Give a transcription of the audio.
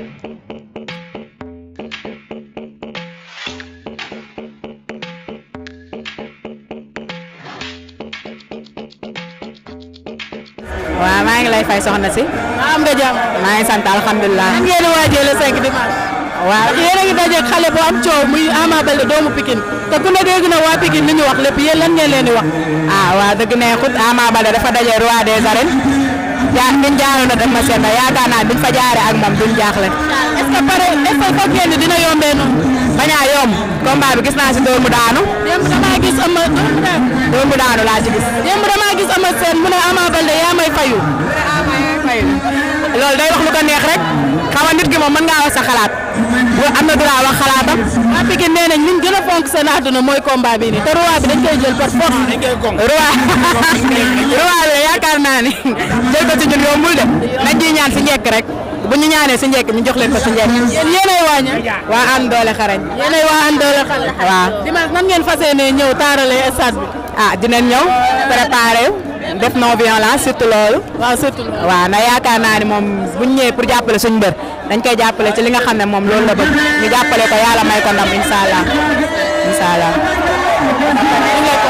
waaw maa ngi lay fay soxna si. maa am nga maa ngi sant alhamdulilah. nan ngeen a waajee le 5 dimanche. waaw ndax yéen a ngi dajeeg xale bu am coow muy Ama Baldé doomu Pikine te ku ne dégg na waa Pikine li ñu wax lépp yéen lan ngeen leen di wax. ah waaw dëgg neexut Ama Baldé dafa daje roi des arènes. jaar ngeen jaaroon ak ma seen yaakaar naa biñ fa jaaree ak moom duñ jaaxle. est ce que pare est ce que foog ngeen dina yombee noonu. bañ a yomb combat bi gis naa si doomu daanu. démb damaa gis laa ci gis. démb damaa gis ama seen mu ne Ama Baldé yaa may fayu. loolu day wax lu ko neex rek xam ki moom mën ngaa wax sa xalaat bu am na droit wax xalaatam. waa Pikine nee nañ gën a fonk seen àdduna mooy combat bi nii te roi bi dañ koy jël par force. roi naa ni jël ko ci ñun yombul bu ñu ñaanee si njëkk ñu jox leen ko si njëkk. yéen yéenay ah? waa ñu. waa Hann Doole Xarañ. yéenay waa Hann Doole Xarañ. waaw dimanche nan ngeen fas ñëw taaralee stade bi. a ah, dinañ ñëw préparé def non violence surtout loolu. waaw surtout yaakaar naa ni moom bu ñu ñëwee pour jàppale suñu mbër dañ koy jàppale ci li nga xam ne moom loolu la bëgg ñu jàppale ko yàlla may ko ndam incha allah